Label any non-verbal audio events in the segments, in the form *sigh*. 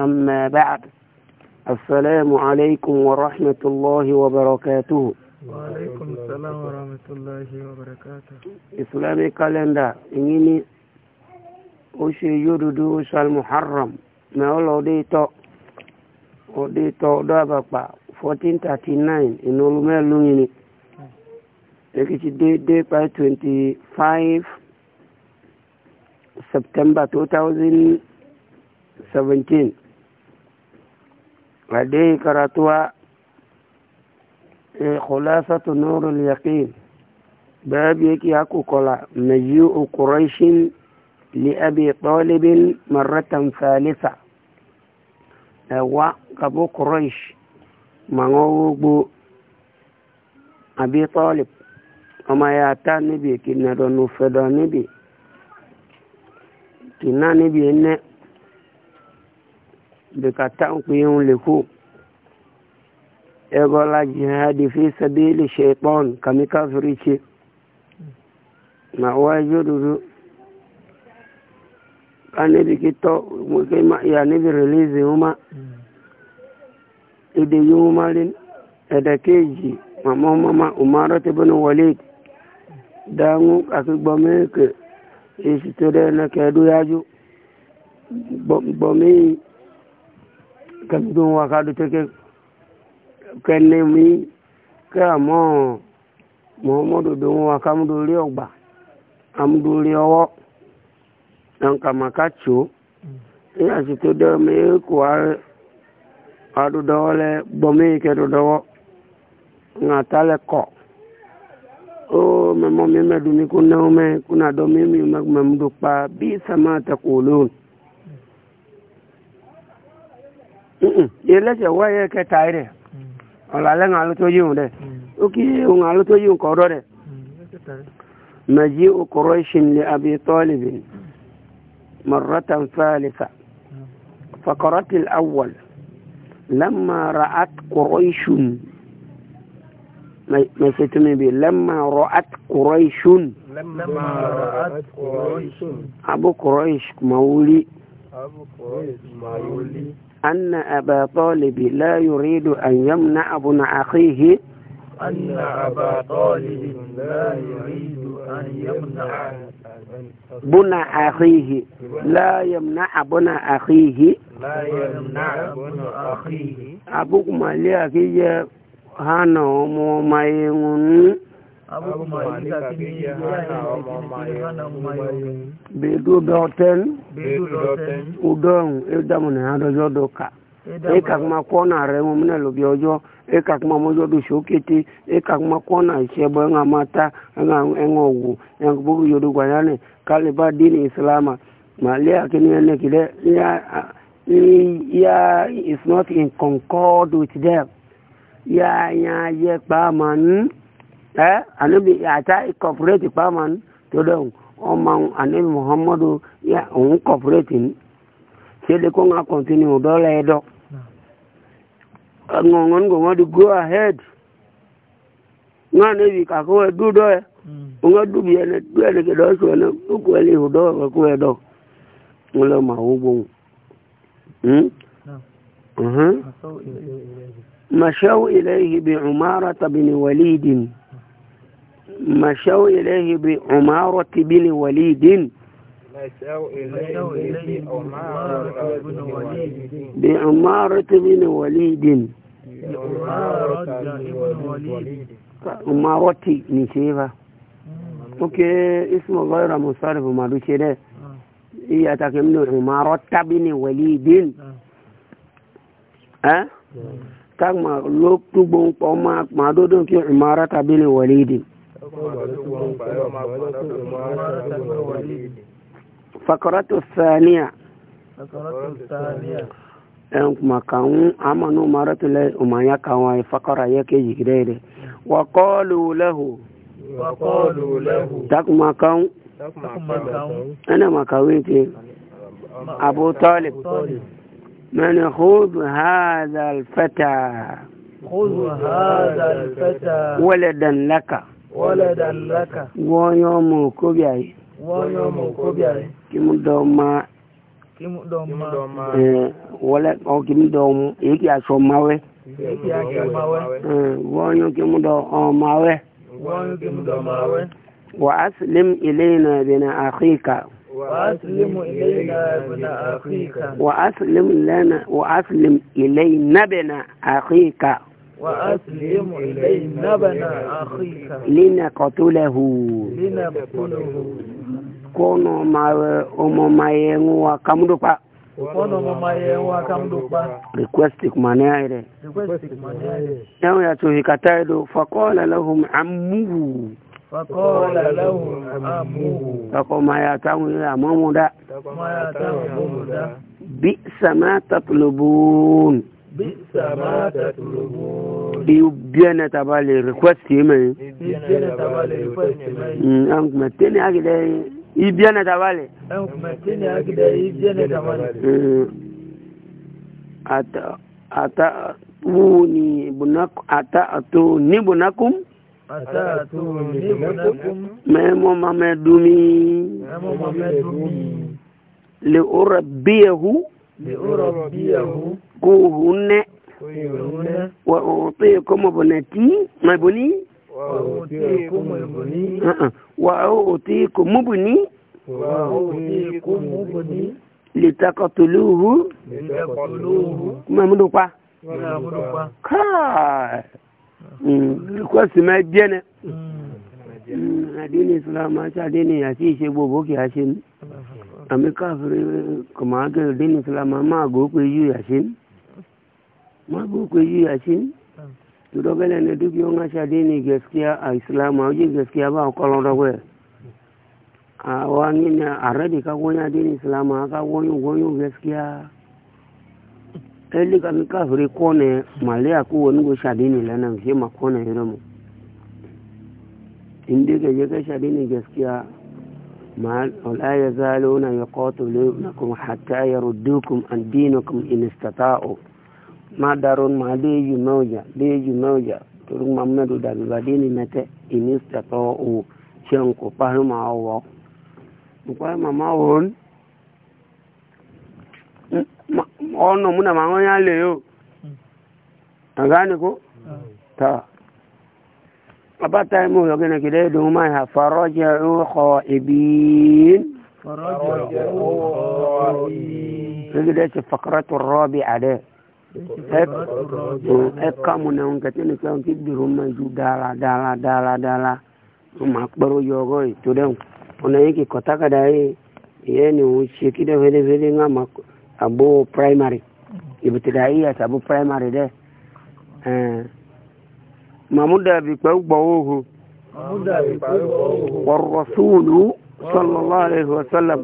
أما بعد السلام عليكم ورحمة الله وبركاته وعليكم السلام ورحمة الله وبركاته إسلامي كالندا إنيني أشي يردو أشي المحرم ما أولو ديتو أوديتو دابقا 1439 إنو لمالوني èkìtì déédé by twenty five september two thousand hadihi karatuwa eh, khulasatu nurul yaqin babu yake haku kola naji'u quraishin li abi talib marratan thalitha wa kabu quraish mangowo abi talib ọmọ ya ta níbi kìnnà dọ̀nù fẹ̀dọ̀ níbi kìnnà níbi ẹ̀nẹ́ bikata nkuyun leku egola jihadi fi sabili shaitan kami kafiri ce ma wajo dudu anibi kito ya nibi release huma ide yumalin ẹ̀dẹ̀ kéèjì mama màmá umaru ti bínú dangu dáhùn àti gbọmíkè èsì tó dẹ́ ẹnẹkẹ́ ẹdúyájú gbọmíkè kẹgbẹ́ wọn ká dúpẹ́ kẹ́ni mi kẹ́ àmọ́ mọ́mọ́dò dò wọn ká mú dorí ọgbà amúdorí ọwọ́ nankàmàká tso eya si tó dẹ́ mi kò adúdọ́wọ́ lẹ gbọ́mí kẹ́dọ̀dọ́wọ́ ŋata lẹ kọ́ ó mẹ́mọ́ mi mẹ́dùn mi kó náwó mẹ́ kó nàdọ́ mi mi mẹ́mú do kpa bí sàmà tẹ̀ kò lóhùn. ẹlẹ́sẹ̀ wáyé kẹta rẹ̀ ọ̀làlẹ́ ń alótó yíhun rẹ̀ ó kí ohun alótó yíhun kọ̀ọ̀rọ̀ rẹ̀ mẹ̀jí okòrò ìṣìnlẹ̀ àbí tọ́lìbì mọ̀rọ̀tàn fẹ́ẹ̀lẹ̀fà fàkọ̀rọ̀tìl awọ̀l lẹ́mà ra'at kòrò ìṣùn mẹ̀sẹ̀tùmí bi lẹ́mà ra'at kòrò ìṣùn abu kòrò ìṣùn mawuli أن أبا طالب لا يريد أن يمنع ابن أخيه أن أبا طالب لا يريد أن يمنع ابن أخيه لا يمنع ابن أخيه لا يمنع ابن أخيه أبوك مالي أخيه هانو مو ما beedu dɔɔtɛn udɔn edamu ne ha dɔjɔ do ka eka kuma kɔna rɛ mo mina lobi ɔjɔ eka kuma mɔjɔ do so kete eka kuma kɔna sɛ bɔ ɛŋa ma ta ɛŋa ɛŋa wu ɛŋa gbogbo yodo gbanya ne kaliba dini islama malia kini ɛnɛ ki dɛ ya ya is not in concord with them ya ya yɛ kpaa ma nu eh anabi ata corporate paman to don ọmọ anabi muhammadu ya òun corporate ni ṣe de kó ń continue dọ́là ẹ̀dọ́ ngọ̀ngọ̀n ngọ̀ngọ̀n di go ahead ngọ̀ anabi kàkó ẹ̀ dúdọ́ ẹ̀ òun ẹ̀ dúbi ẹ̀ dú ẹ̀ nìkẹ́ dọ́ sọ ẹ̀ náà ó kó ẹ̀ lè hù dọ́ ẹ̀ kó ẹ̀ dọ́ ń lọ mà ó gbóhùn. مشوا إليه بعمارة بن وليد مشوا إليه بعمارة بن وليد مشوا إليه بعمارة بن وليد بعمارة بن وليد عمارة نسيبة أوكي اسم غير مصارف ما دوشي هي تكمل عمارة بن وليد ها أه؟ كما لوك تبون قوما ما دودون كي عمارة بن وليد fakoratu thaniya en kuma kan amanu maratu lai umanya kan wa fakara yake jigire wa qalu lahu wa qalu lahu takuma kan ana makawin te abu talib من خذ هذا الفتى خذ هذا الفتى ولدا لك waladan laka wọ́n yọ́ mọ̀ kóbi àyè wọ́n yọ́ mọ̀ kóbi àyè kí mú dọ́ máa kí mú dọ́ máa wọ́lẹ̀ ọ kí mú dọ́ èyí kí aṣọ máa wẹ́ wọ́n yọ́ kí mú dọ́ ọ máa wẹ́ wà á sì lém ilé náà bìnà àkíkà. وأسلم إلينا ابن أخيك وأسلم لنا وأسلم إلينا ابن أخيك وأسلم إليه نبنا أخيك لنقتله لنقتله kono mawe omo mayengu wa kamdupa kono omo mayengu wa kamdupa request kumane ile request kumane ile yao ya tuhikataido faqala lahum ammuhu faqala lahum ammuhu takoma ya tamu ya mamuda takoma ya tamu mamuda bi sama tatlubun biyana ta ba le request ke mai an kuma tene a gida yi biyana ta ba le ata wuni bunakum ata ato ni bunakum ata ato ni bunakum memo mame dumi memo mame dumi le ora biyahu kuhunne wa utikum ibnati mabuni wa utikum ibni wa utikum ibni wa utikum pa litakatuluhu litakatuluhu mamudupa mamudupa ka mm. request ma jene mm. Mm. adini islam àti adini àti ìṣe gbogbo kì í ṣe ni. ami kafiri kuma ake din islama ma go ko yu yasin ma go ko yasin to do gele ne duk yo dini gaskiya a islama o gaskiya ba ko da we a wani ne aradi ka go nya din islama ka go yu eli ka mi kafiri ko ne malia ko woni go sha dini la nan ma ko ne ro mu inde ke dini gaskiya ولا يزالون يقاتلونكم حتى يردوكم عن دينكم إن استطاعوا ما دارون ما ليجي موجة ليجي موجة ترون محمد دابي بدين متى إن استطاعوا شنكو فهم عوا نقول ما ماون ọ̀nà múnà máa ń yá lè yóò àgá nìkó tàà abata mu yoge na gide do ma ha faraja khaibin faraja khaibin gide ce fakratu rabi'a de e kamu na un kete ni kan ki biru ma ju dala dala dala dala ma kparo yogo to de ona yiki kota kada yi ye ni un se ki de vele vele nga ma abo primary ibtidaiya sabu primary de eh محمود أبي بوه والرسول صلى الله عليه وسلم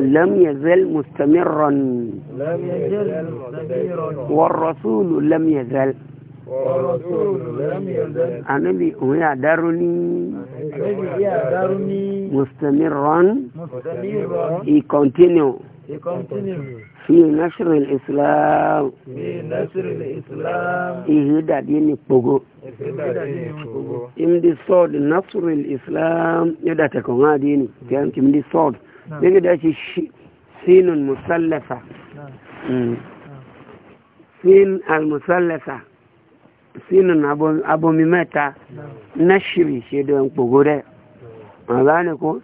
لم يزل مستمرا والرسول لم يزل النبي هي دارني مستمرا يكونتينيو fi nasiru islam fi nasiru islam ihe dadi ni pogo imdi sod nasiru islam ya da ta kan hadi ni kan hmm. imdi sod daga hmm. da shi sinun musallafa hmm. sin al musallafa sinun abomi mẹta nasiri ṣe da pogo rẹ ọ̀gá ni ko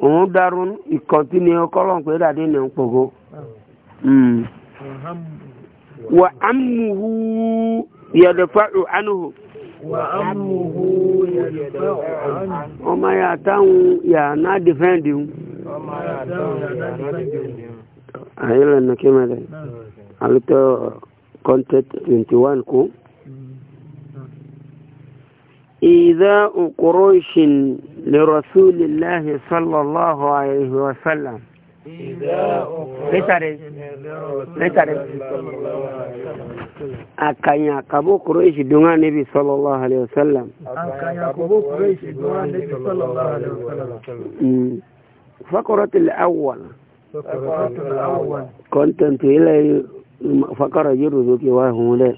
òun darun ìkọ̀tí ni ọkọlọ́n pogo. Hmm. wa amuhu yadafa'u anhu ọmọ ya táwọn yà ná dìfẹ́ǹdì ń ayélujára na kí mẹ́rẹ̀ alùtọ́ content 21 kú ìdá òkúrò ìṣìn lè rọ̀súlìláhì sallallahu alayhi wa sallam akanya kabo kureishi dunga nabi sallallahu alaihi wasallam akanya kabo kureishi dunga nabi sallallahu alaihi wasallam فقرة الأول فقرة الأول كنت إلى فقرة يرزق وهم لا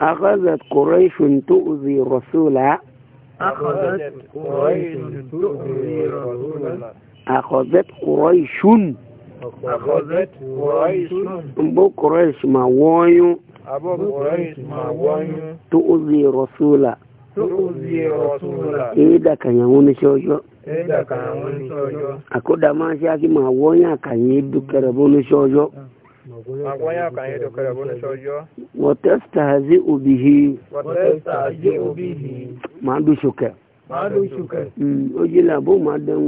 أخذت قريش تؤذي رسولا أخذت قريش تؤذي رسولا أخذت قريش أخذت قريش أبو قريش ما وانيو أبو قريش ما وانيو تؤذي رسولا تؤذي رسولا إذا كان يهون شوشو إذا كان يهون شوشو أكو دما شاكي ما وانيا كان يبدو كربون شوشو وتستهزئ به وتستهزئ به ما دوشو كرب Mm, o ji la bo ma den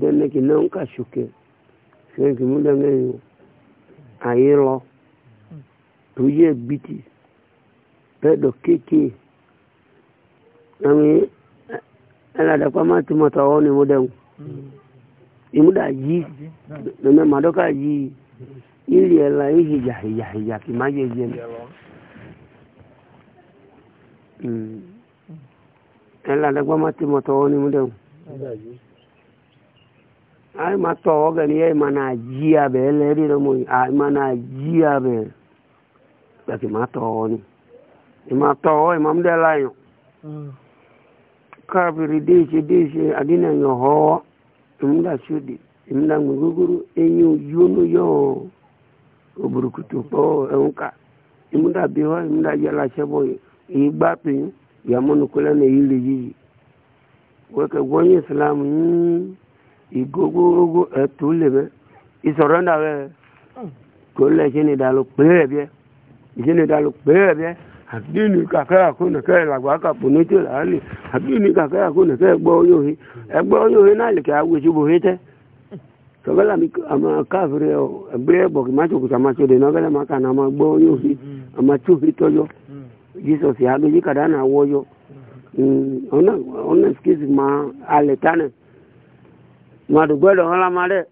den ki na ka shuke sen ki mu den ne ayi lo to ye biti pe do keke ami ala da kwa ma tuma ta woni mu den imu da ji na me ma do ka ji ili ela ihi ya ya ya ma ye ye mm ẹ̀la lẹ́gbọ́ ti mọ̀ tọwọ́ ní múlẹ̀ o. àyè ma tọ gẹ̀ ni ẹ ma náà jí abẹ́ ẹlẹ́rì rẹ̀ mọ̀ àyè na náà jí abẹ́ gbàgbé tọ tọwọ́ ni ìmọ̀ tọwọ́ ìmọ̀ múlẹ̀ láyọ̀. káfíìrì déèṣe déèṣe yọ̀ pọ̀ bí wọ́n yẹ yamunu kúlẹ̀ e, e na ilé yìí wọ́kẹ̀ wọ́n yẹ islam yín ìgógógógó ẹ̀tù lè mẹ́ ìsọ̀rọ̀ náà rẹ̀ kò lẹ̀ ṣe ní ìdàlù péré bíẹ́ ṣe ní ìdàlù péré bíẹ́ àdínì kàkẹ́rà kó nìkẹ́ làgbà kàpò ní tí làálì àdínì kàkẹ́rà kó nìkẹ́ ẹgbọ́ yóò he ẹgbọ́ yóò he náà lè mi jesus ya meji kada na woyo mm, ona ona excuse ma ma do ma de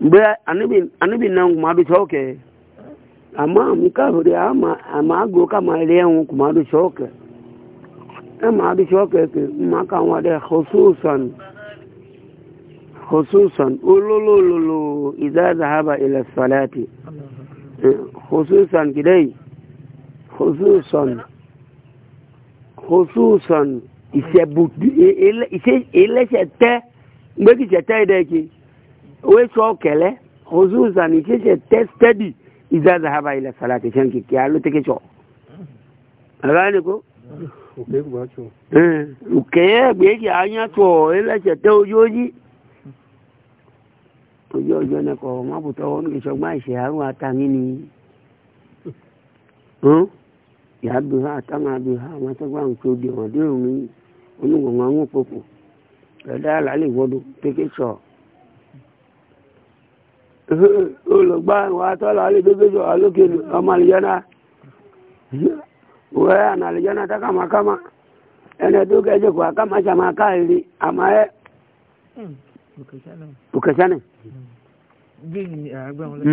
mbe anibi anibi na ma choke ama mi ka ama ama go ka ma le ku ma choke e ma choke ke ma ka wa de khususan خصوصا خصوصا ìṣẹ̀tẹ́ gbẹ́kìṣẹ̀tẹ́ ìdẹ́kì wé sọ kẹlẹ́ خصوصا ìṣẹ̀tẹ́ steady ìzáza haba ilẹ̀ salati ṣe ń kìkì alótẹ́kẹ́ṣọ́ àbáyẹ̀kọ́ òkèyẹ́ gbẹ́kì ayẹ́tọ̀ ẹlẹ́ṣẹ̀tẹ́ ojú ni. *laughs* yàbí ha àtàmàbí ha àmàtàgbà nǹkan òdì wọn dé òun yìí onígbòǹgbò àwọn òpópò ẹ̀dá àlàlẹ̀ ìwọ́dọ̀ pékètsọ̀ olùgbà wà tọ́lọ̀ àlè pékètsọ̀ alókè ọmọ àlìjọ́nà wẹ́ àná àlìjọ́nà tákàmàkàmà ẹnì tó kẹjọ kó àkàmàtsàmà káàrí àmàyẹ. òkèsánì. bí àgbà wọn lọ.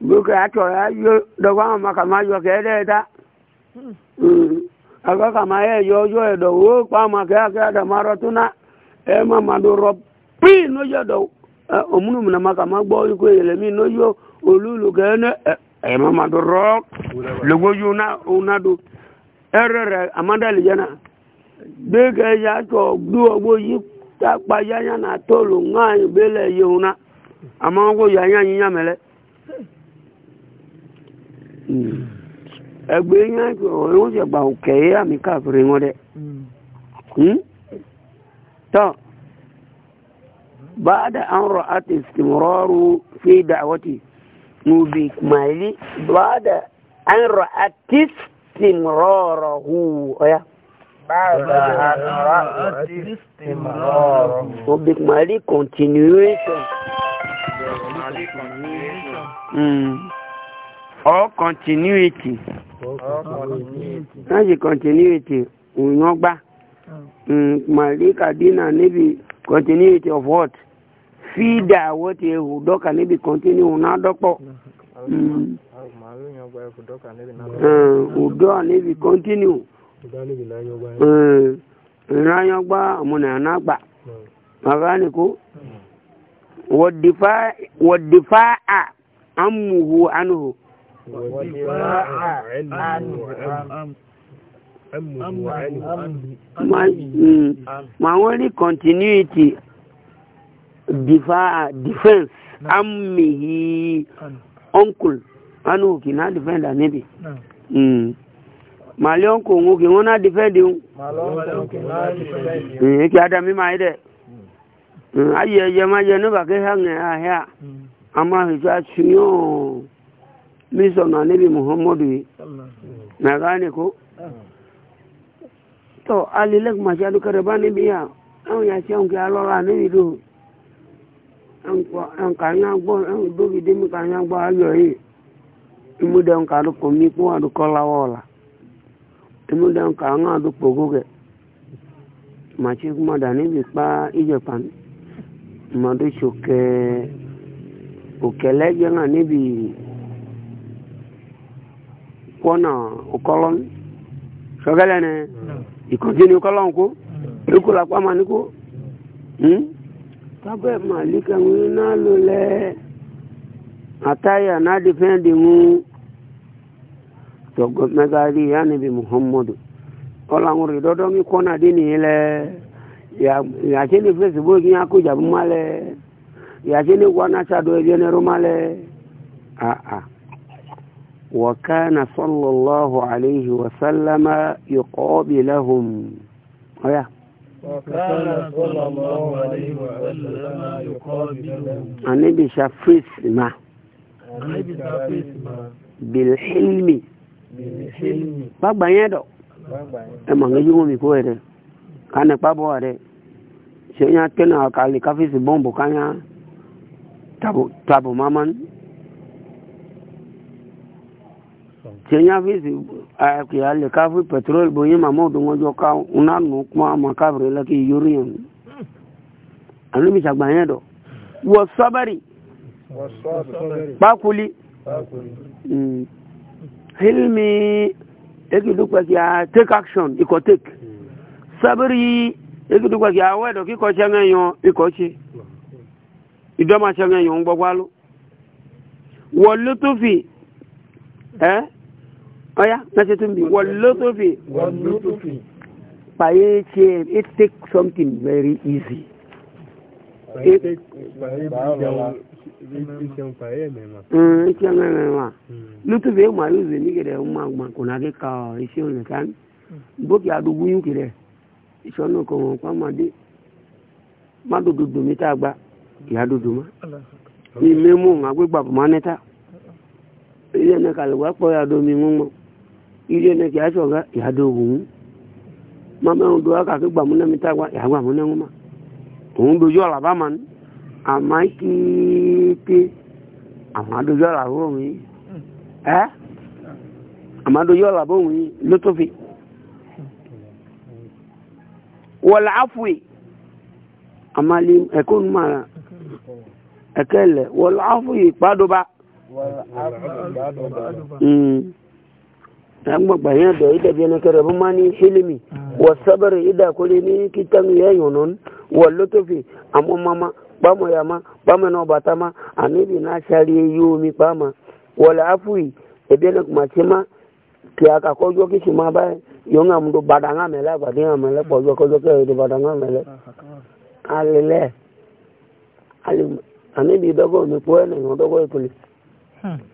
buku ato ya yo dogo ma ka ma yo kede da hmm. hmm. ago ka ma e yo yo do wo pa ma ka ka da maro tuna e ma ma do ro pi no yo do e, o munu na ma ka ma gbo yo ko ele mi no yo olulu ga ne e, e ma ma do ro lugo yo na una do er er amanda le jana de ga ya to du ogbo yi ta pa ya ya na to lu nga bele yo na amango ya ya nyamele Hmm. ẹgbẹ́ yẹn òun ṣe gbà òkè yẹ àmì káàkiri wọn dẹ hmm. tọ́ báadà àwọn rọ̀ àti ìsìnkúrọ́rù fi dàwọ́tì nùbí kùmáìlì báadà àwọn rọ̀ àti ìsìnkúrọ́rù ọ̀yà. Obik mali continuation. Obik mali continuation. Hmm. or continuity na ji continuity unyogba mm, malika dina maybe continuity of what Fida what ehu doka maybe continue na dokpo mm. uh, udo maybe continue nranyogba mm. amuna anagba maganiku wadifa a ah, amuhu anuhu ma wọ́n rí continuity defense amihi uncle anu kì náà defend àníbi màálí hmm. uncle òun kì wọ́n náà defend òun èyí kí adami máa yẹ dẹ̀ ayẹyẹ máa yẹ nígbà kí hàn ẹ̀ àhẹ́ àmọ́ àfihàn àṣùyàn miso na nabi muhammadu yi na gane ko to alilek mashi adukar ba ni biya an ya ce an kya lọra nabi do an kanya gbọ an dobi dimi kanya gbọ ayọ yi imu da nka adukọ mi kó adukọ lawọla imu da nka an adukọ goge mashi kuma da nabi kpa ijepan madu soke òkèlè jẹ́ hàn níbi kɔna ɔkɔlɔn sɔgɛlɛ nɛ ìkɔjini ɔkɔlɔn ko ekola kpama ni ko hmm tabɛ mali kɛŋu n'alu lɛ ataya n'adi fɛn di ŋu tɔgɔmɛgari yanibi muhammadu ɔlaŋuri dɔdɔ mi kɔna di ni lɛ yàtse ne facebook yẹn akó jabu ma lɛ yàtse ne wanasa do ebi ɛnɛ do ma lɛ aa. وكان صلى الله عليه وسلم يقابلهم أيه. وكان صلى الله عليه وسلم يقابلهم النبي شفيسما النبي شفيسما بالحلم بالحلم بابا يدو ẹmọ ń yíwọ́n mi kó ẹ̀rẹ̀ kánẹ̀ pábọ̀ rẹ̀ ṣe yá tẹ́nà àkàlẹ̀ káfíìsì bọ́ǹbù káyá tàbù máa máa tenya visi ayakiyale kafu petrol boye mamodo ngojo ka unanu kuma makabre laki yurian anu mi sagba yen do wo sabari bakuli mm hilmi eki dukwa ki a take action iko take sabari eki dukwa ki a wedo ki ko chenge yon iko chi idoma chenge yon gbogwalo wo eh ọ̀yá mẹ́sẹ̀ tún bí wọ́lótófì pàyé ṣe it take something very easy iṣẹ́ mẹ́mẹ́wà lótófì èèmù àyùzẹ̀ nígẹ̀dẹ̀ ọmọ àgbà kò náà kíkà iṣẹ́ ònìkan bókè àdúgbò yìí kìrẹ̀ ìṣọ́nà kan wọn pàmòdé má dòdòdò mi tá a gba ìyá dòdò má mi mímú àgbégbà bùmánẹ́ta ilé ẹ̀nẹ́kàlùwà pọ̀ yàdó mi mú mọ́. ile ne ki so ga ya dogun mama un do aka ke gbamu na mi ta ya gbamu na nguma un do yo la ba man amai ki ti amado yo la ro mi eh amado yo la bo mi lo to fi wal afwi amali ekun ma ekele wal afwi padoba wal afwi padoba amma bayan da ida bi na karabu mani hilimi ah. wa sabar ida kule ni kitan ya yunun wa lutufi amma mama bamu ya ma bamu na bata ma anibi na shari yomi bama wala afui ebe na kuma ce ma ki aka kojo kishi ma ba yonga mdu badanga mele hmm. badanga mele kojo kojo ke do badanga mele alele alim anibi dogo mi poene dogo ikuli hmm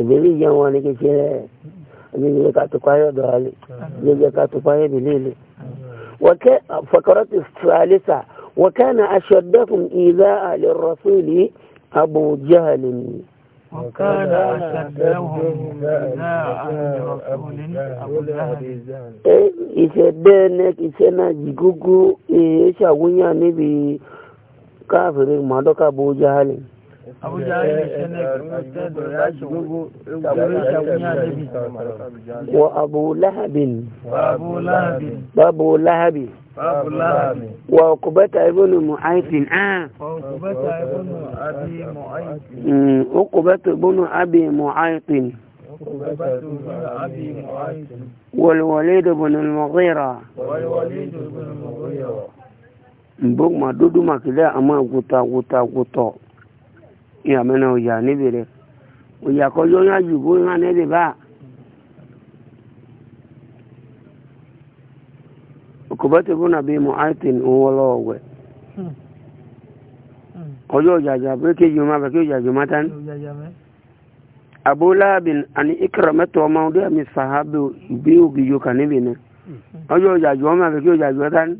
ìbéèrè yẹn wọn ni kékeré rẹ ẹni yẹ ká tó páyọ dọ alẹ yẹ jẹ ká tó páyọ bìlẹ ilẹ. wọkẹ fọkọrọtì fàlẹsà wọkẹ na aṣọdẹkùn ìlà àlẹ rọsùlì àbújá àlẹ nìyí. وكان أشدهم ìṣẹ̀dẹ́ẹ̀nẹ́ ìṣẹ́nà jìgógó èé ṣàwúyàn abuja wa abu lahabin babu lahabi wa ukubata ibnu mu'aytin ah ukubata ibnu abi mu'aytin والوليد بن المغيرة والوليد بن المغيرة مبوغ ما دودو ما كده أما غطا غطا غطا ìyàmẹ́nà òyà níbi rẹ̀ òyà kọjọ́ yá jù bó yá níbi bá òkùbẹ́tì bó nàbí mu aitin òwòlọ́wẹ̀ ọjọ́ òjàjà pé kéjì má bẹ̀ kí òjàjà má tán abúláàbìn àní ìkàràmẹ́tọ̀ ọmọ ọdún àmì sàhábẹ́ ìgbé ògìyọ kà níbi náà ojo jajuwa ma bi ko jajuwa tan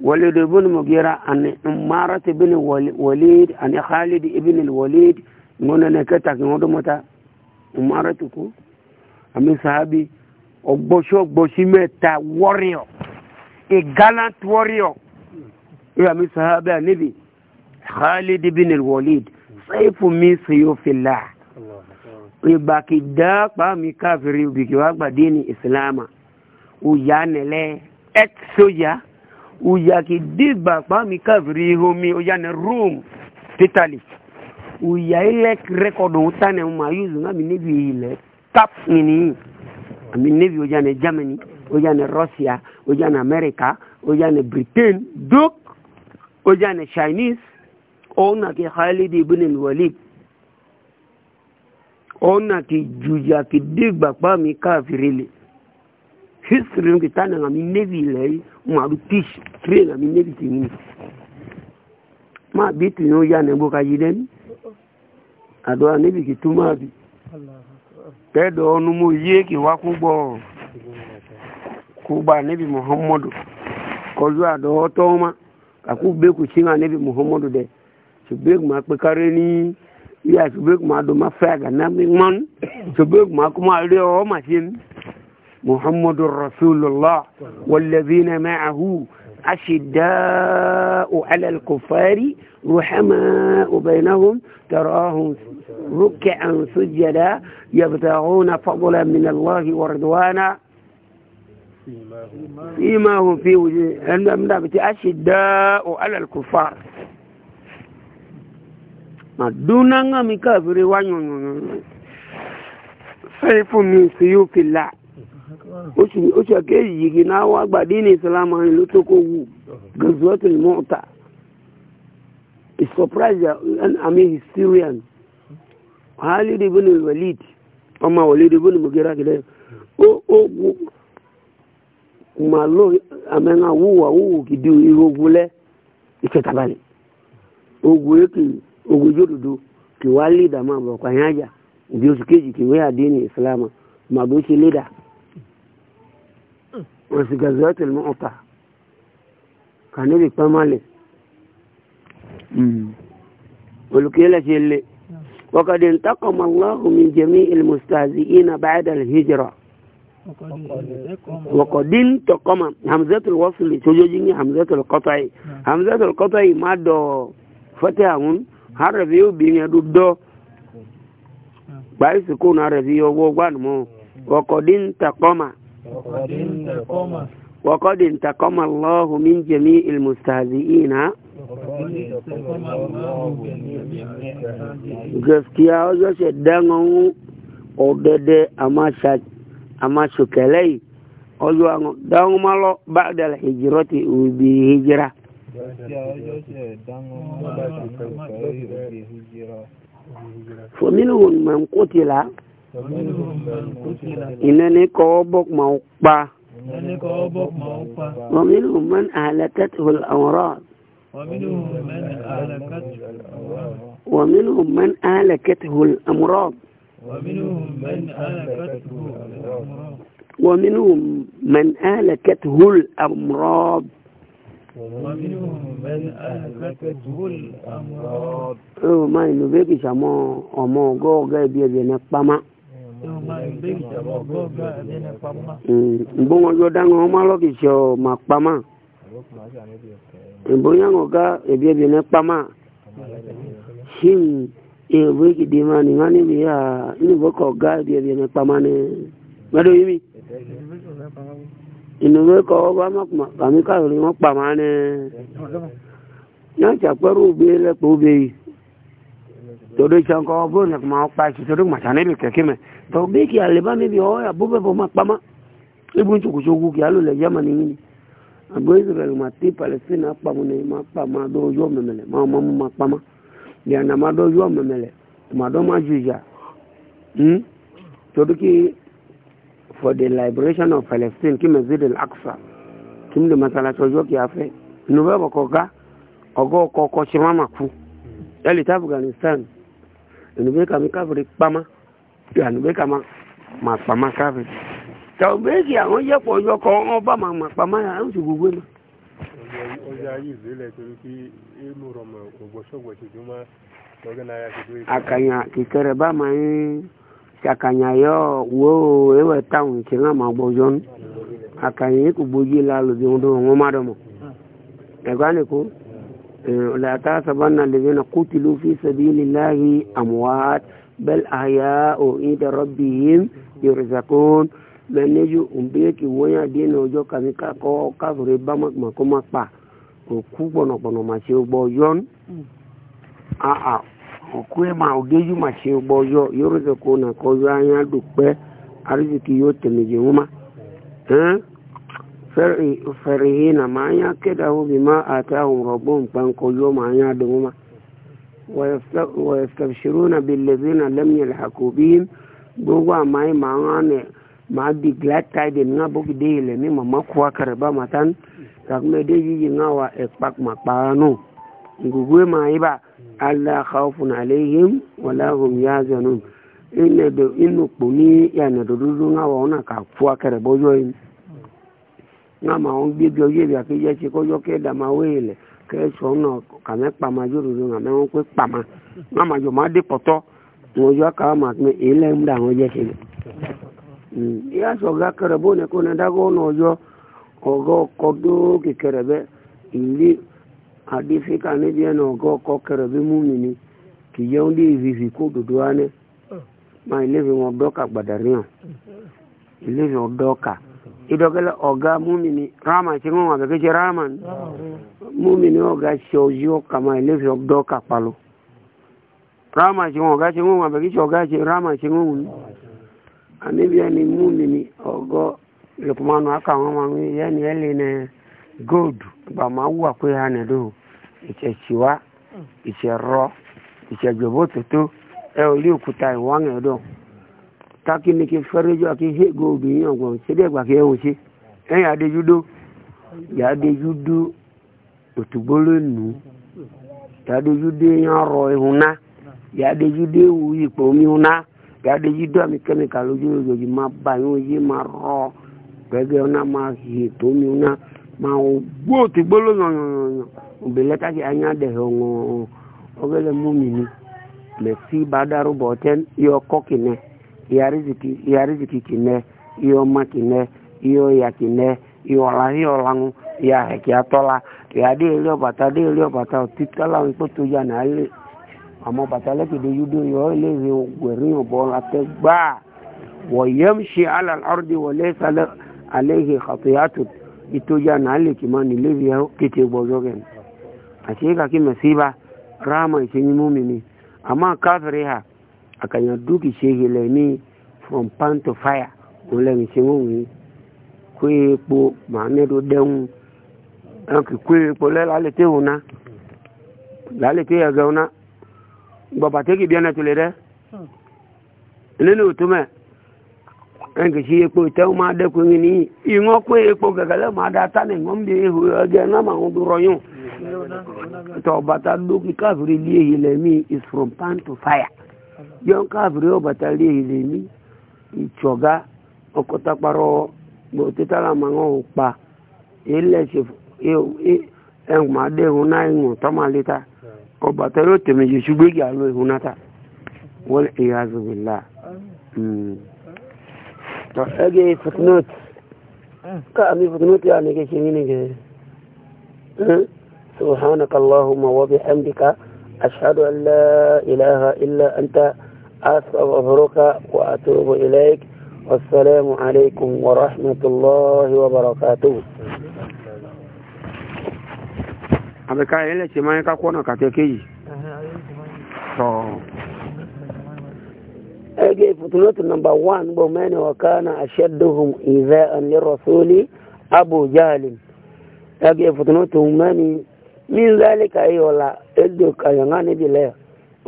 walid ibn mugira an umarat ibn walid an khalid ibn walid ngona ne kata ki ngodo mota umarat ko ami sahabi ogboso ogbosi meta warrior a gallant warrior ya mi sahabi anabi khalid ibn walid saifu mi siyufillah ibaki da pa mi kafiri bi ki wa gba dini islama uya nele et soya uya ki diba pa mi kavri homi uya ne room titali uya ile record utane ma use ngami nevi ile tap nini ami nevi uya ne germany uya ne russia uya ne america uya ne britain duk uya ne chinese ona ki khalid ibn walid ona ki juja ki digba pa mi kavri le history ngi tana ngami navy lei mwaru tish tre ngami navy tini ma bitu no ya ne boka yiden adwa navy kituma bi tedo onu mu ye ki wakugbo kuba navy muhammad kozu ado otoma akugbe ku chinga navy muhammad de subek ma pe ni ya subek ma do ma faga na mi mon subek ma kuma re o ma محمد رسول الله والذين معه أشداء على الكفار رحماء بينهم تراهم ركعا سجدا يبتغون فضلا من الله ورضوانا فيما هم في أشداء على الكفار ما دون أن كافر سيف من سيوف الله oṣù kejì yìí náà wá gbàdí ní ìsìlámù àwọn ìlú tó kó wù gazuwatul mọ́ta is surprised àmì historian wàhálì dìbò ní walid ọmọ walid dìbò ní mọ̀gẹ́rà kìlẹ̀ ó wù mà ló àmẹ́ńà wúwà wúwù kìdí ìrogun lẹ́ ìfẹ̀tàbalẹ̀ ogun èkì ogun jódodo kì wá àbọ̀kọ̀ àyájà òbí oṣù kejì kì wé ìsìlámù màbó ṣe lè dà wọ́n sì gàzọ́ tó mú ọ̀tà kà níbi pẹ́mọ́lẹ̀ olùkílẹ̀ ṣe lè وقد انتقم الله من جميع المستهزئين بعد الهجرة وقد انتقم همزة الوصل توجين همزة القطع همزة القطع ما دو فتحون هربيو بين دو بايسكون هربيو وغانمو وقد انتقم وقد انتقم الله من جميع المستهزئين gaskiya ọjọ́ ṣe dáná ń ọ̀dẹ́dẹ́ àmàṣọ̀kẹ́lẹ́ yìí ọjọ́ àwọn dáná máa lọ bá dàlẹ̀ ìjírọ́ ti òbí hijira. fòmínú mọ̀ ń kó tìlá. إنني كوبك موقبا ومنهم من أهلكته الأمراض ومنهم من أهلكته الأمراض ومنهم من أهلكته الأمراض ومنهم من أهلكته الأمراض ومنهم من أهلكته الأمراض ومنهم من أهلكته الأمراض. ما ينبغي سما أما mbongo yo dango malo kisho makpama mbongo ngo ga ebie bi ne kpama shin ewe ki di ma ni ngani bi ya ni bo ko ga ebie bi ne kpama ne mado yimi inu we ko ba ma kuma kami ka ri mo kpama ne nya cha peru bi le po bi todo chan ko go nak ma pa chi todo ma chane bi ke me to bi ki ale ba mi bi o ya bube bo ma pa ma e bu chu ku chu ku ki alo le yama ni ni agbo israel ma ti palestina pa mu ni ma pa ma do yo memele ma ma mu ma pa ma ya na ma do yo memele ma ju ya hmm todo ki for the liberation of palestine ki masjid al aqsa kim de masala to yo ki afe nu ba ko ga ogo ko ko chi ku ele afghanistan ẹnubẹ kàmi káfìrí pamá ẹnubẹ kàmá mà pamá káfìrí tàbí àwọn yẹpọ ọjọ kọ wọn bá mà mà pamá yà ń sì gbogbo ma. ọjà yìí ìzẹ́lẹ̀ torí kí inú rọmọ ògbọ́sọ̀gbọ̀ tuntun máa tọ́gẹ́ náà yà tuntun. àkànyà kìkẹrẹ bá máa ń ṣàkànyà yọ wo ewé táwọn ìṣe náà máa gbọ́ ọjọ́ nù àkànyà yìí kò gbójú la lòdì ohun tó wọn لا تحسبن الذين قتلوا في سبيل الله أموات بل أحياء عند ربهم يرزقون من يجو أمبيك ويا دين وجو كمي كاكو كافر بامك مكو مكبا òkú gbọ̀nàgbọ̀nà mà ṣe gbọ́ yọ́n àà òkú ẹ̀ máa ògéjú mà ṣe gbọ́ yọ yóò rẹ̀ kó nà kọ́ yọ ayé àdùpẹ́ àrísìkì yóò tẹ̀mẹ̀jẹ̀ wọn má. فرحين ما يكده بما آتاهم ربهم فانقلوا ما يعدهما ويستبشرون بالذين لم يلحقوا بهم gbogbo àmàyí màá hàn ní màá di glad tide ní abókì dé ilẹ̀ ní màmá kó akẹrẹ bá màá tán kàkúmẹ́dé yíyí náà wà ẹ̀pà màpàá nù gbogbo màá yí bá aláxàfún àléyìn wàláhùn yáàzẹ̀ nù inú pò ní ìyànà dòdòdó wà ọ̀nà kà kó akẹrẹ bọ́jọ́ yìí. ngama ho gbedo ye bi ati je ko yo ke da ma wele ke so na ka me pa ma yoro ru ngama ho ko pa ma ngama jo ma de poto mo yo ka ma me ile e mda ho je ke mm ya so ga kare bo ne ko na da go no yo ogo ko do ki kare be indi adi fi ka ne je no go ko kare be mu mi ni ki yo ndi vi vi ko do do ane hmm. ma ile vi mo do ka gbadarin ile vi mo do ka idogala oga mumini rama ti ngwa ke ke raman mumini oga shojo kama ile fi ogdo kapalo rama ti ngwa ti ngwa be ki oga ti rama ti ngwa ami bi ani mumini ogo lukmanu aka won ma mi ye ni ele ne gold ba ma wa pe hane do ite chiwa ite ro iche gbobo toto e ori okuta iwan edo taki ni ki fɛrɛjɔ a ki he go bi yan gbɔn sede gba ki ɛwɔ se ɛn e, yà adeju do yà adeju do otugbolo nu yà adeju de e yan rɔ ihun e na yà adeju de wu ikpɔ mi hun na yà adeju do ami kɛmika lójú lójú ma ba yín yé ma rɔ gbɛgɛ na ma he tó mi hun na ma wo gbó otugbolo nyɔnyɔnyɔnyɔ òbɛlɛ taki anya dɛ ɔŋɔ ɔgɛlɛ mú mi ni mɛ si ba daro bɔ tɛ yɔ kɔkinɛ ya riziki ya riziki kine iyo ma kine iyo ya kine iyo la iyo langu ya heki atola ya de ile bata de ile bata titala nko to ya na ile amo bata le ki de yudo yo ile ri gwerin obo la te gba wa yamshi ala al-ardi wa laysa alayhi khatiyatu ito ya na ile ki man ile ri kete gbozogen ashe ka ki masiba rama ishin mumini amma kafiri ha akanya duki shehi lemi from pan to fire Ule mi se wọn wí kó epo muhammed dẹ́hùn ẹnkì kó epo lẹ́ lálẹ́ tẹ́ wọn ná lálẹ́ tẹ́ yẹ gẹ́wọn ná gbọ̀bà tẹ́kì bí kwe tulẹ̀ dẹ́ nínú ìtumẹ̀ ẹnkì sí epo tẹ́wọn máa dẹ́kun yín ní ìwọ́n kó epo gẹ̀gẹ́lẹ́ máa da tánì wọ́n bí ehu ẹgẹ́ náà is from pan to fire yọ́n káàbìrì ọ̀bàtà lè lè ní ìtsọ̀gá ọkọ̀tàkparọ̀ gbòtítàlà máa ń pa ẹlẹ́sẹ̀ ẹ̀hùn adé ẹ̀hùn náà ẹ̀hùn tọ́malẹ́ta ọ̀bàtà yóò tẹ̀mẹ̀ yẹsù gbégi àlọ́ ẹ̀hùn náà ta wọ́n ẹ̀yà zòwìlà. ẹgbẹ́ footnote káàmì footnote yà ni kẹ́sì yín nìkẹ́ subhanakallahumma wa bihamdika ashhadu an la ilaha illa anta. أستغفرك وأتوب إليك والسلام عليكم ورحمة الله وبركاته àbíká ilẹ̀ tí máa ń kákọ́ ọ̀nà kàkẹ́kẹ́ yìí tọ́ ẹgbẹ́ ìfòtúnlọ́tù nọmbà 1 gbọ́ mẹ́rin ọ̀ká na aṣẹ́dùhùn ìzẹ́ ọ̀nlẹ́rọ̀sọ́lì abújáàlì ẹgbẹ́ ìfòtúnlọ́tù mẹ́rin ní zálíkà yìí ọ̀la ẹgbẹ́ kàyọ̀ngá níbi lẹ́yà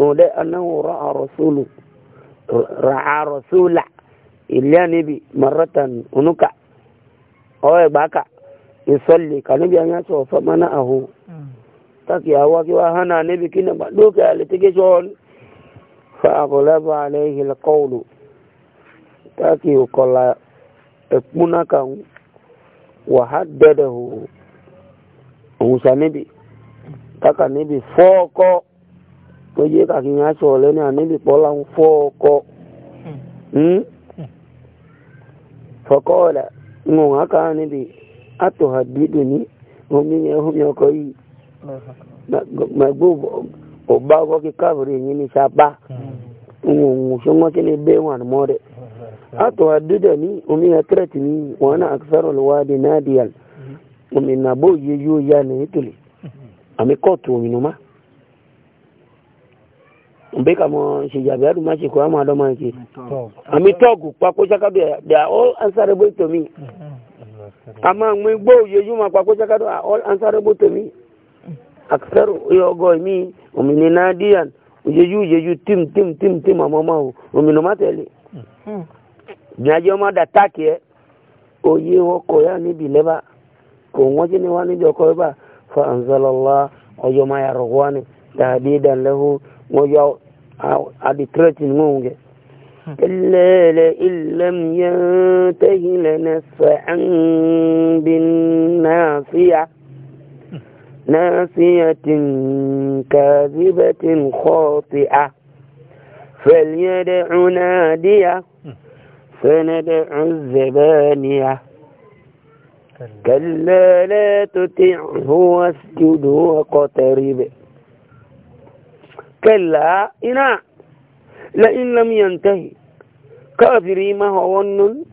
òun dẹ́ anáwòrán àrọ̀sọ́lù ra'a rasula ilé níbi maratan onuka ọwọ́ ẹ̀gbá kà ìsọ̀lẹ̀ kàníbi anyásọ̀ ọ̀fẹ́ mọ́nà hmm. àhó tákì àwọ̀ kí wá hánà níbi kí nàgbà lókè àlẹ́tẹ́gẹ́sọ̀n fa àbọ̀lẹ́bọ̀ alẹ́ ìhìlẹ̀ kọ́ọ̀lù tákì òkọ̀là ẹ̀kúnákàn wàhádẹ́dẹ̀ hù òwúsà níbi tó yé kàkí yẹn aṣọ ọ̀lẹ́ ní àníbi pọ́lá ń fọ́ ọkọ hmm. hmm? fọ́kọ́ ọ̀dà ń wọ̀n á níbi àtọ̀hà dídùn ní omi yẹn omi ọkọ yìí gbàgbó hmm. ọba ọkọ kí káàbùrì yìí ní sábà ń wọ̀n ṣọ́ngọ́ sí ní bẹ́ẹ̀ wà mọ́ rẹ̀ àtọ̀hà dídùn ní omi yẹn kírẹ̀tì ní wọn náà àkísàrò lọ́wọ́dì náà dìyàl omi nàbó yẹ yóò yá ní ìtòlè àmì kọ́ọ̀tù òmìnira mbe kama sijabiadu machi kwa ama adoma yake amitogu kwa kocha kabia they are all answerable to me kama mm, mm, mm, mwigbo yeyuma kwa kocha kadu all answerable to me aksaru yogo mi umininadian yeyu yeyu tim tim tim tim amama uminomateli nyaje ma dataki e oye woko ya ni bileba ko ngoje ni wani joko ba fa anzalallah oyo ma yarwani tahdidan lahu ويا عدي ترتين مونجة كلا لئن لم ينته لنفعا بالناصية ناصية كاذبة خاطئة فليدع نادية سندع الزبانية كلا لا تطعه واسجد واقترب كلا إنا لئن لم ينتهي كافري ما هو ونن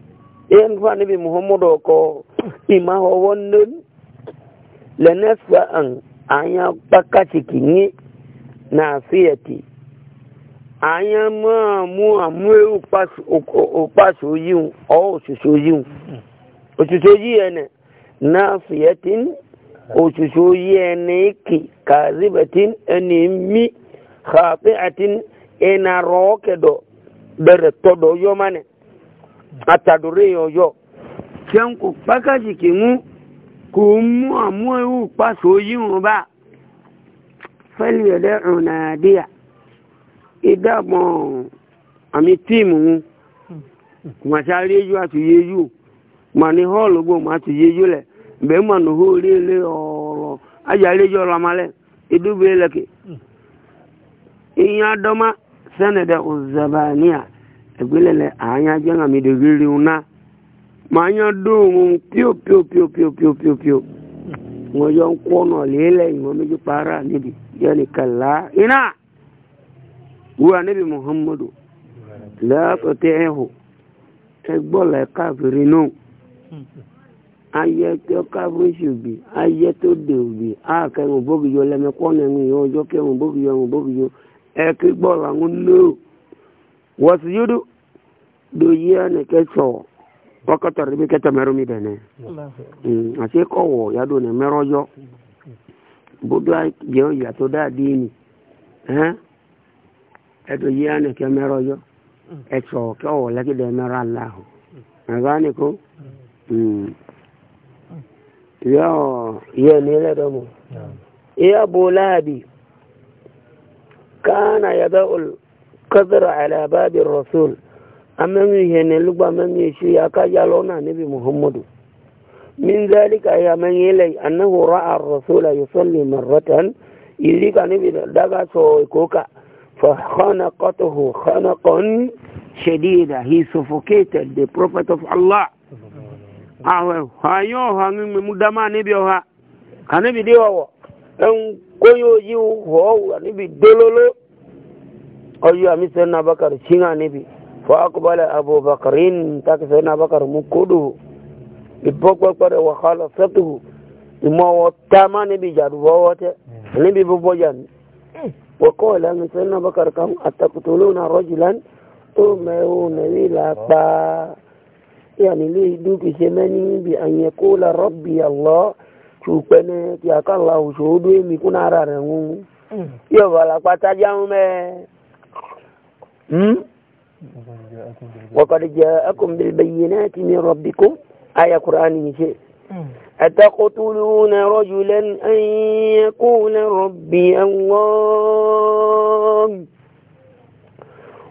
ينفع نبي محمد وكو إما هو ونن لنفع أن أن يبقى نافيتي àyàn máa mú àmú òpàṣọ yìí ọ òṣìṣọ yìí òṣìṣọ yìí ẹnẹ náà fìyẹ tí òṣìṣọ yìí ẹnẹ kì kàzíbẹ tí mí khati'atin ena roke do dere todo yo mane atadure yo yo kenku pakaji kingu kumu amwe u paso yin ba fali yada unadia idabon ami ma kuma sáré yóò àti yéyú ní họ́ọ̀lù gbò ma àti yéyú aja ihe doma sanada uzabaniya egbilele anya jenga midogiri una ma anya doo pio pio pio pio pio pio pio ngoyo nkono lele ngo miji para nibi yani kala ina muhammadu la tuti'hu egbola kafiri no ayé tó bi ayé tó dè a kẹrin lẹmẹkọ nẹnu yọ ọjọ kẹrin bóbi ẹ̀kí gbọ́ra ń lò wọ́sí yúdú do yí ẹni kẹsọ̀ wọ́kọ̀tọ̀ rẹ̀ bí kẹta mẹ́rọ mi dẹ̀ nẹ́ àti kọ̀wọ̀ yàdó ní mẹ́rọ yọ bódú jẹ́ òyà tó dáadé ni ẹ̀dọ̀ yí ẹni kẹ mẹ́rọ yọ ẹ̀sọ̀ kẹwọ̀ lẹ́kìdẹ̀ mẹ́rọ aláhùn ẹ̀rọ ni kó yọ yẹ ní ẹlẹ́dọ̀mọ̀ yẹ bó láàbì. كان yada'ul qadr على باب الرسول amami hene lugba من shi ya ka نبي محمد من ذلك min zalika ya man yele annahu ra'a ar-rasul yusalli marratan illi ka nabi daga so he suffocated the prophet of allah awe hayo hangi mudama nabi ha kanabi dewa ɗan koyo yi wa anibi dololo oyo ami sai na bakar cin anibi fa akbala abubakarin ta ka sai na bakar mu kudu ibogbogbore wa khalasatuhu imo wa tama nibi jadu wa wote nibi bubo jan wa qala min sai na bakar kan atakutuluna rajulan o mewu nabi la pa yani li duki semani bi an yakula rabbi allah tukpene ti akala osodo emi kuna ara rẹ ŋu mm. yóò bọ̀ lakpata jáwó mẹ́ hmm? wakadi jẹ akombe bayyana ti mi rọbi ko aya kur'ani yi se أتقتلون رجلا أن يقول ربي الله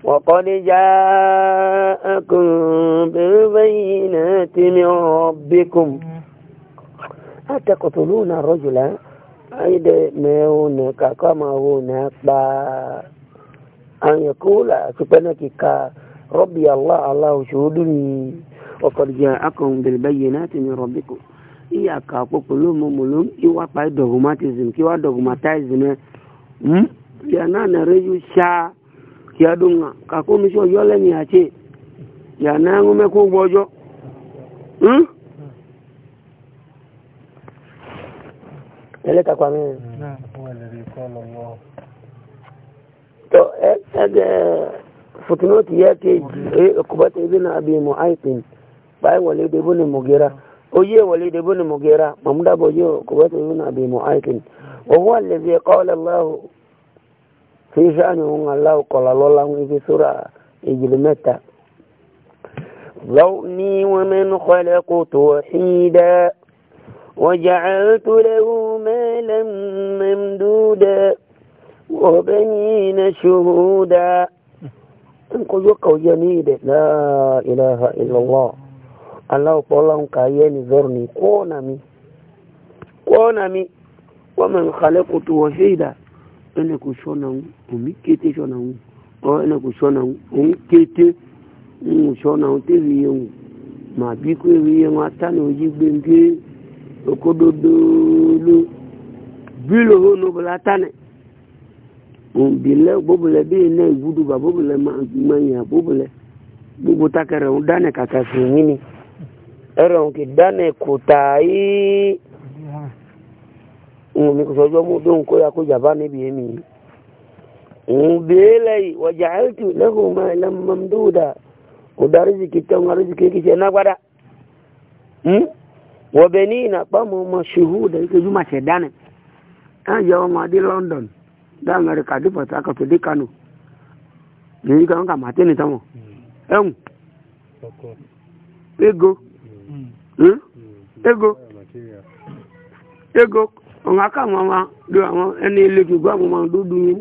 وقد جاءكم بالبينات من ربكم atakotoluna rojula ayide meune kakamawune kpa anyakula supana kika rabbi allah Allah allahu shuhuduni wakad jaakum bilbayinati min rabbikum iya ka popolo momolom iwa pa dogmatism kiwa dogmatism hmm ya na na reju sha ya dunga ka ko mi so yole mi ache ya na ngume ko gbojo hmm ẹlẹ́ta pa mí. tọ ẹ ẹgẹ fotunoti yẹ kejì ọkùbọ́tà ibi náà bí mu aipin báyìí wọlé debo ni mugera oyé wọlé debo ni mugera mọ̀múdàbọ̀ yóò ọkùbọ́tà ibi náà bí mu aipin òun wà lè fi ẹ̀kọ́ ọlọ́láhùn fi sáàni ohun aláwọ̀kọ̀lá lọ́la ń fi sóra ìjìlú mẹ́ta. ذرني ومن خلقت وحيدا وجعلت له مالا ممدودا وبنين شهودا انقذ قوجنيد لا إله إلا الله الله طلعن كاين ذرني كونامي كونامي ومن خلقت وحيدا أنا كشونا أمي كيتي شونا أو أنا كشونا أمي كيتي أمي شونا تبي يوم ما بيكو يوم أتاني وجيب بنتي okododolu bilo ho no bla tane un bile bobule bi ne gudu ba bobule ma manya bobule bubu takere un dane kaka finini era un ki dane kutai un mi ko sojo mu don ko ya ko jaba ne bi emi un bile wa ja'altu lahu ma lam mamduda udarji kitan arji kike na gwada hmm وبنينا قاموا مشهودا يجوا ما شدانا كان يوم ما دي لندن دا امريكا دي بس اكو دي كانوا ni kan ka mate ni tamo ehun ego hmm ego ego on aka mo ma do àwọn ẹni ile ki gbo mo ma do du yin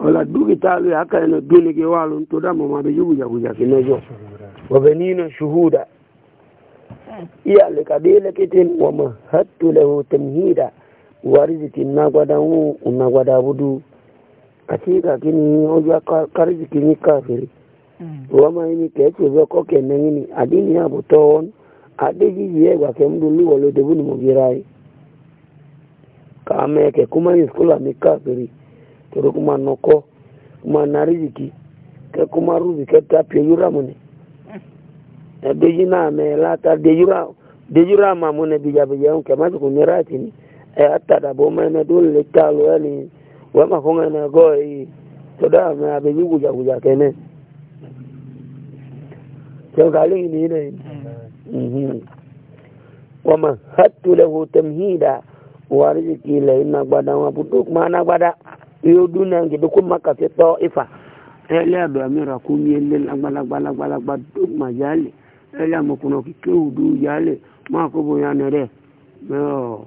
wala dugi talu haka ina duni ke walu ntoda mama be yugu ya kuja kinejo wabenina shuhuda iya le kabila kitin wa mahattu lahu tamhida wariziki na gwada wu na gwada budu katika kini oja kariziki ni kafiri mm. wama ini kechi zo koke nengini adini ya buton adeji ye gwa ke mdu liwo lo debu ni mugirai kame ke ni skula ni toro kuma noko kuma nariziki ke kuma rubi ke tapio yura mune na deji na me lata dejura dejura ma mune bija bija unke mazu kunyerati e ni e atta da bo me na dole talo yani wa ma konga na go i to da me abeji guja guja kene ke ga lingi ni ne mhm hatu ma hattu lahu tamhida wa rizqi la inna gbada wa buduk ma na gbada yóò dún náà gèdè kó má kàtí tọ́ ifá ẹlẹ́ àbẹ̀ mìíràn kó ní ẹlẹ́ lágbálágbálágbá tó mà yálẹ̀ ẹlẹ́ àmọkùnrin kíkẹ́ òdu yálẹ̀ máa kó bóyá ni rẹ̀ mẹ́ọ̀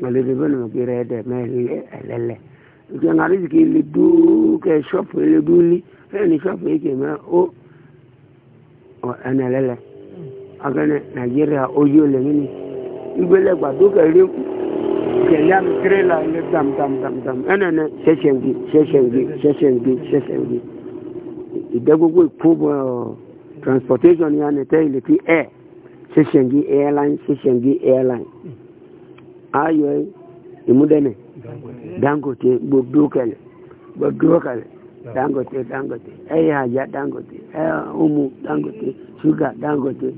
mẹ́lẹ́dẹ́ bẹ́ẹ̀ ni mo kí rẹ̀ dẹ̀ mẹ́lẹ́ ẹlẹ́lẹ́ ìjọ ń arí kì í lè dúró kẹ́ ṣọ́ọ̀pù yẹn lè dúró ní ẹ̀yìn ní ṣọ́ọ̀pù yẹn kì í mẹ́ ó ẹ̀nà ẹlẹ́lẹ́ agẹ́nẹ́ nàìjíríà ó yí olè nínú ìgbélẹ̀gbà dókè rí kẹlẹ́m tirẹ́là ilé dam dam dam dam ẹnẹnẹ ṣẹṣẹǹgì ṣẹṣẹǹgì ṣẹṣẹǹgì ṣẹṣẹǹgì ìdẹ́gbogbo ìkóbọ̀ transportation yà ni tẹ́ air ẹ̀ ṣẹṣẹǹgì airline ṣẹṣẹǹgì airline ayọ̀ ìmúdẹ́nẹ̀ dangote gbogbo kẹlẹ̀ gbogbo kẹlẹ̀ dangote dangote ẹ̀yẹ àjà dangote ẹ̀ ọmú dangote ṣúgà dangote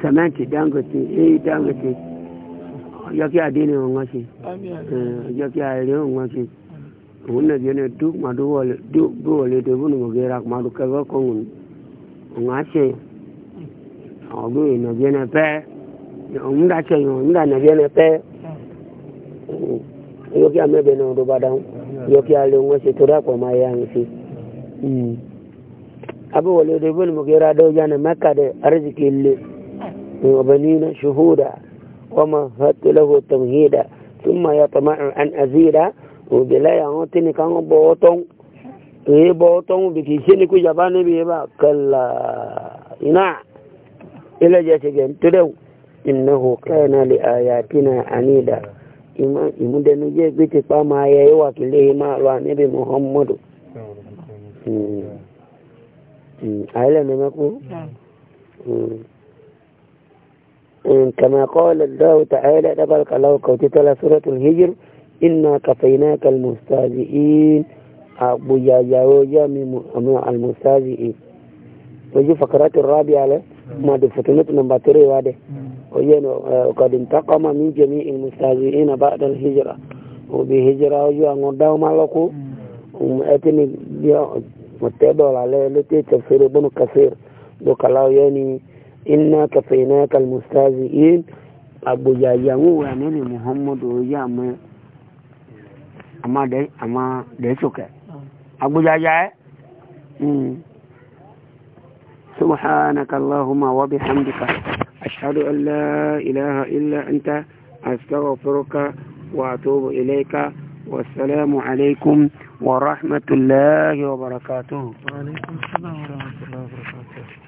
sẹmẹ́ntì dangote èyí dangote ọjọ́ kí adé ni òun wọ́n ṣe ọjọ́ kí àìrí òun wọ́n ṣe òun náà jẹ́ ní dúk máa dúwọ̀lé tó fún ìmọ̀gé ra máa dúk kẹ́kọ̀ọ́ kan òun òun á ṣe àwọn gbé ìnà jẹ́ ní pẹ́ òun dà ṣe òun dà nà jẹ́ ní pẹ́ ọjọ́ kí amẹ́bẹ̀ náà ló dáhùn ọjọ́ kí alẹ́ ṣe torí àpọ̀ máa yá yín ṣe. Hmm. abúwọ̀lé tó fún ìmọ̀gé ra dọ́jà eh. ní mẹ́kà dẹ̀ arzikì lè ọ̀bẹ̀ ní ṣùhúdà. ومهدت له تمهيدا ثم يطمع أن أزيد وبلا يعطيني كان بوطن إيه بوطن بكيشيني كو جباني بيبا كلا إنا إلى جاتجين تدو إنه كان لآياتنا عنيدا ìmúdẹnu jẹ́ pé ti pa máa yẹ ìwà kí lè máa lọ àníbi muhammadu àìlẹ́nu mẹ́kú كما قال الله تعالى تبارك الله كوتيتلا سورة الهجر إنا كفيناك المستهزئين أبو يا يا المستهزئين ويجي فقرات الرابعة ما دي فتنة نمبر 3 واده وين قد انتقم من جميع المستهزئين بعد الهجرة وبهجرة وجو أنوداو مالكو أتني متدول عليه لتي تفسير ابن كثير وكلاو يعني إنا كفيناك المستهزئين أبو جايو وأنني محمد ويام أما دي أما دي سكر أبو جايو أه؟ سبحانك اللهم وبحمدك أشهد أن لا إله إلا أنت أستغفرك وأتوب إليك والسلام عليكم ورحمة الله وبركاته وعليكم السلام ورحمة الله وبركاته